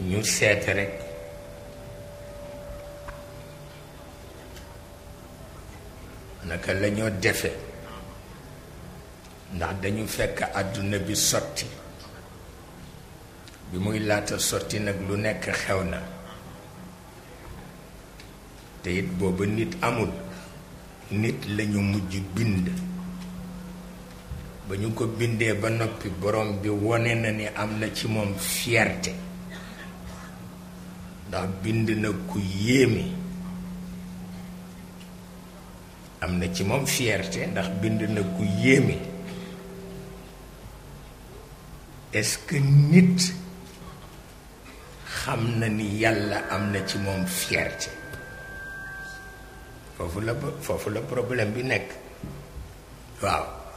ñu seet rekk naka la defe ndax dañu fekk àdduna bi sotti bi muy laata sotti nag lu nekk xew na te it booba nit amul nit lañu mujj bind ba ñu ko bindee ba noppi borom bi wone na ni am na ci moom fierté ndax bind na ku yéeme am na ci moom fierté ndax bind na ku yéeme est nit xam na ni yàlla am na ci moom fierté foofu la foofu la problème bi nekk waaw